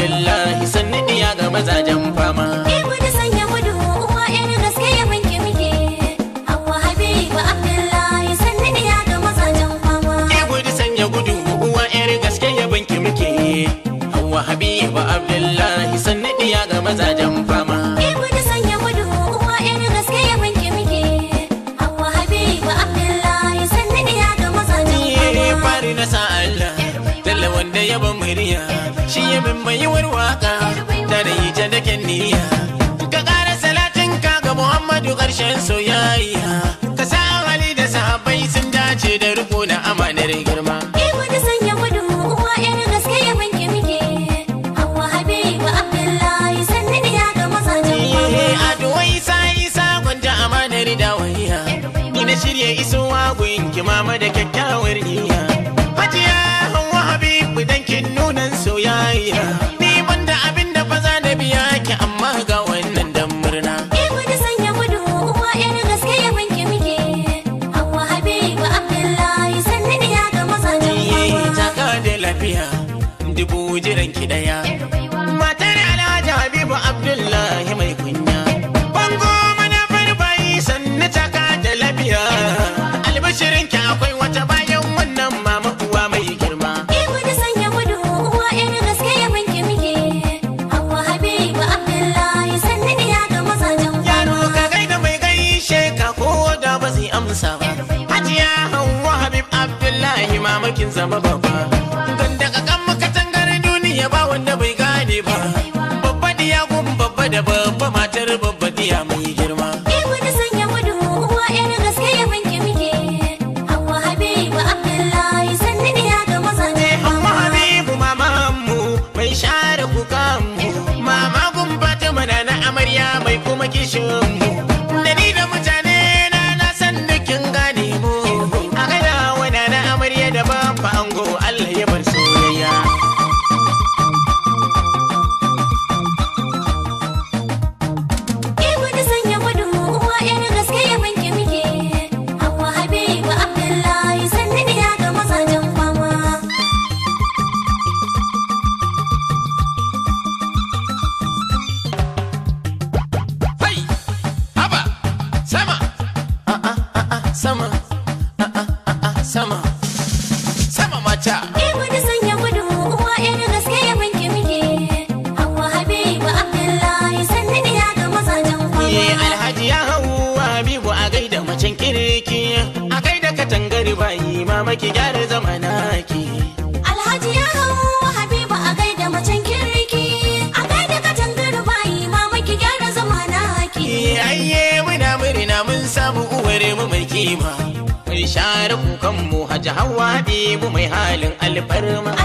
billahi sanni iya ga mazajen fama. Ibu eh, da sanya gudu uwa yar gaske ya wanke muke. Hawwa, Habiba Abdullahi sanni iya ga mazajen fama. Ibu eh, da sanya gudu uwa yar gaske ya wanke muke. Hawwa, Habiba Abdullahi. yaba murya shi ya bin baiwar waka ta da yi ta daken niyya ka ƙara salatin ka ga muhammadu ƙarshen soyayya ka sa hali da sahabbai sun dace da riko na amanar girma zama babba ganda kakan makatangar duniya ba wanda bai gane ba babba diya gun babba da babba matar babba diya mai girma share kukanmu mama gun fatima na na amarya mai kuma kishi ki gyara zamanaki. Alhaji ya hau Habibu a gaida macen kirki, a gaida katan bayi mama ki gyara zamanaki. Ayye muna murna mun samu uwar mu mai kima. Mai share kukan mu Hajji Habibu mai halin alfarma.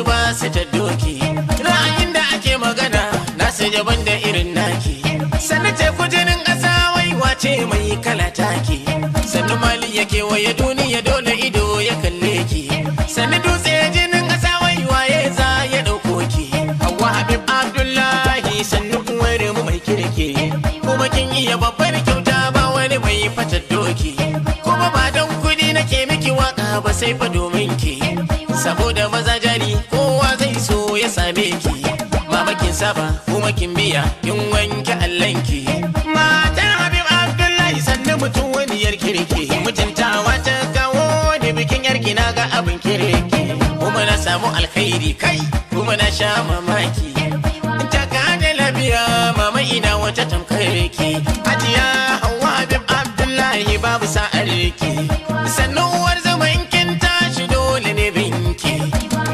wasu ba su ta doki ra'ayin da ake magana nasu yaban da irin naki sannan teku jinin ƙasa wai wace mai kala take sannan mali ya kewaye duniya dole ido ya kalle ki sannan dutse jinin ƙasa wai waye za ya ɗauko ki hawa habib abdullahi sannu uwar mu mai kirki kuma kin iya babbar kyauta ba wani mai fata doki kuma ba don kuɗi nake miki waka ba sai fa domin ki saboda maza jari saba kuma kimbiya biya kin wanke allanki matar habib abdullahi sannu mutum waniyar kirki mutuntawa ta kawo da bikin yarki na ga abin kirki kuma na samu alkhairi kai kuma na sha mamaki ta da labiya mama ina wata tamkar ki hajiya hawa habib abdullahi babu sa'ar ki sannu uwar zaman kin tashi dole ne binki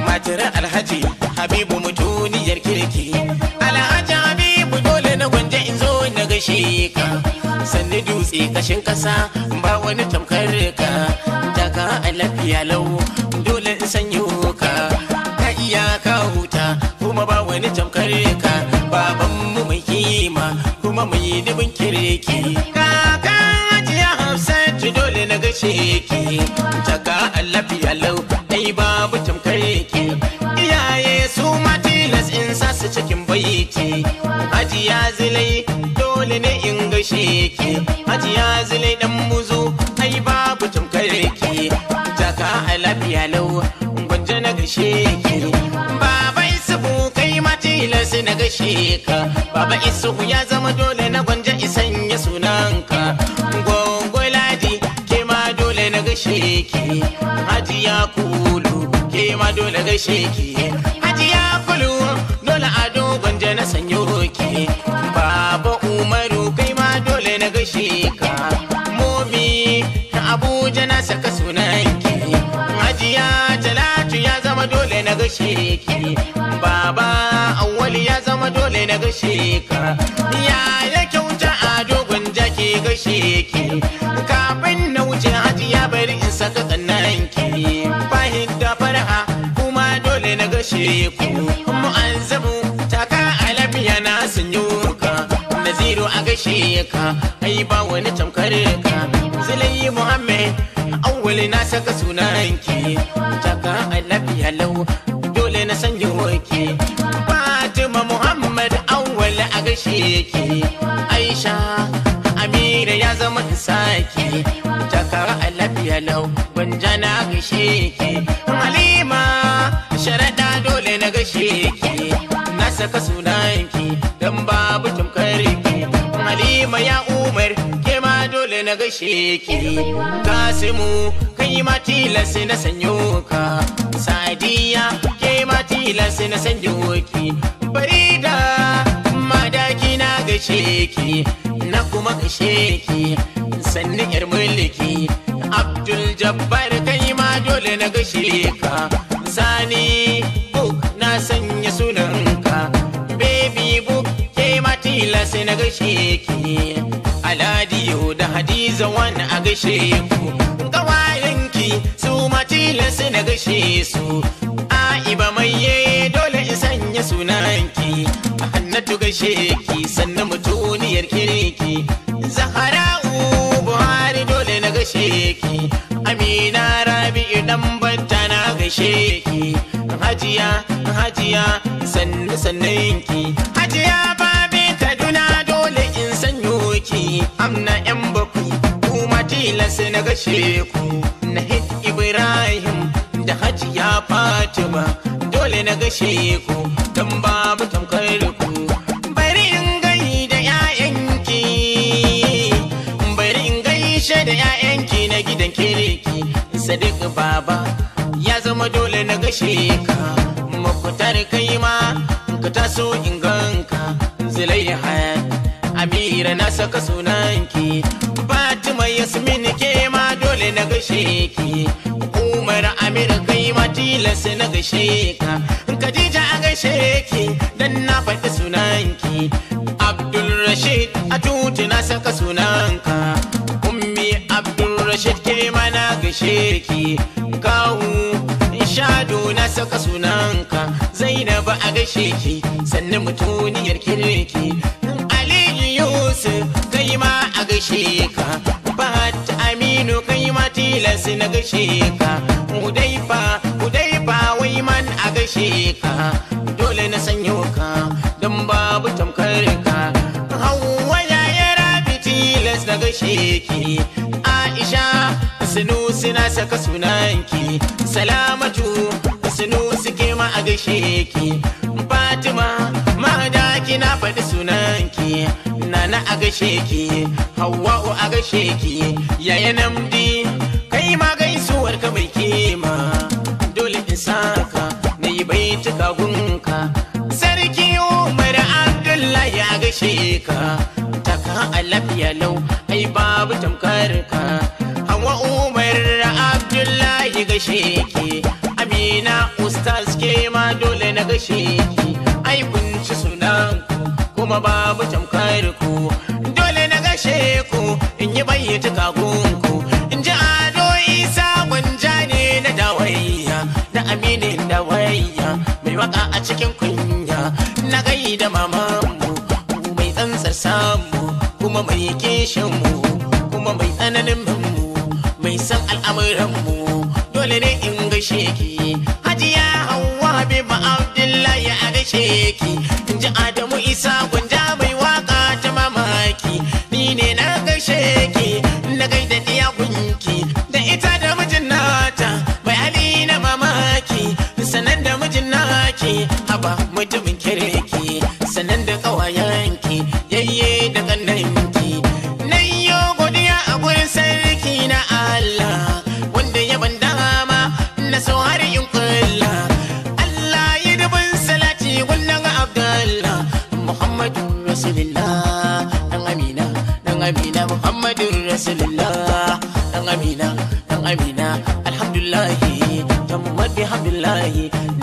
matar alhaji habibu mutum shika dutse kashin kasa ba wani tamkar ka daga alafiya lau dole in sanyo ka ka iya ka huta kuma ba wani tamkar ka baban mu mai kima kuma mai dubin kirki kakan ajiya hafsatu dole na gashe ki wani ne in gashe ki hajiya zile dan muzo ai babu tamkar ki jaka a lafiya lau gwanja na gashe ki baba Isuku kai ma tilas na gashe ka baba Isuku ya zama dole na gwanja isan ya sunanka Ladi ke ma dole na gashe ki hajiya kulu ke ma dole gashe ki hajiya kulu dole ado gwanja na sanyo ki gaishe ka mobi ta abuja na saka sunanki hajiya jalatu ya zama dole na gaishe ki baba awwali ya zama dole na gaishe ka ya kyauta a dogon jaki gaishe ki kafin na wuce hajiya bari in saka kannanki bahin da farha kuma dole na gaishe ku mu'azzabu taka alabiya na sunyo naziru a gashe ka ba wani tamkare ka zilayi muhammed awwali na saka sunan ki jaka i love you hello dole na san ki fatima muhammed awwali a gashi yake aisha amira ya zama saki jaka i love you hello gwanja na gashi yake halima sharada dole na gashi yake na saka sunan ki dan babu tamkare ki halima ya umar ke ma dole na gashe ki kasimu kai ma tilas na sanyo ka sadiya ke ma tilas na sanyo ki da madaki na gashe ki na kuma gashe ki sanni yar mulki abdul jabbar kai ma dole na gashe ka sani sai na gaishe ki aladiyo da hadiza wani a gaishe ku gawayenki su matila sai na gaishe su a'iba mai ye dole in sanya sunanki hannatu gaishe ki sannan mutuniyar kirki buhari dole na gaishe ki amina rabi'u idan banta na gaishe ki hajiya hajiya sannu ki hajiya ba sai na gashe ku na hit ibrahim da hajiya fatima dole na gashe ku don babu tamkar ku bari in gai da 'ya'yanki bari in gaishe da 'ya'yanki na gidan kirki sadiq baba ya zama dole na gashe ka mafitar kai ma ka taso in ganka zulaiha amira na saka sunanki fatima yasmin gashe ki hukumar amurka yi matilas na gashe ka khadija a gashe ki dan na faɗi sunanki abdulrashid a tuti na saka sunanka ummi abdulrashid ke mana gashe ki kawu shado na saka sunanka zainabu a gashe ki sannan mutuniyar kirki aliyu yusuf kai ma a gashe ka tilas na gashe ka hudaifa hudaifa wai man a gashe ka dole na sanyo ka don babu tamkar ka hawa ya yi rabi tilas na gashe ki aisha sunusi na saka sunanki salamatu sunusi ke ma a gashe ki fatima ki na faɗi sunanki nana a gashe ki hawa'u a gashe ki yayan namdi kai ma gaisuwar ka mai kima dole in saka na yi bai ta gunka sarki umar abdullahi ya gashe ka taka a lau ai babu tamkar ka hawa umar abdullahi gashe ki amina ustaz ke ma dole na gashe ki ai kunci sunan kuma babu tamkar ku dole na gashe ku in yi bai ta gunka a cikin kunya na da mamanmu mu mai tsantsar samu kuma mai kishin mu kuma mai tsananin mu mai san al'amuran mu dole ne in gaishe ki hajiya hawa bi abdullahi a gaishe ki in ji adamu isa gwanja ba mutumin kirki sanan da kawayenki yayye da kannanki nan yo godiya a gurin sarki na Allah wanda ya ban dama na so har yin kulla Allah yi dubin salati wannan Abdullah Muhammadu Rasulullah dan Amina dan Amina Muhammadu Rasulullah dan Amina dan Amina alhamdulillah tamma bihamdillah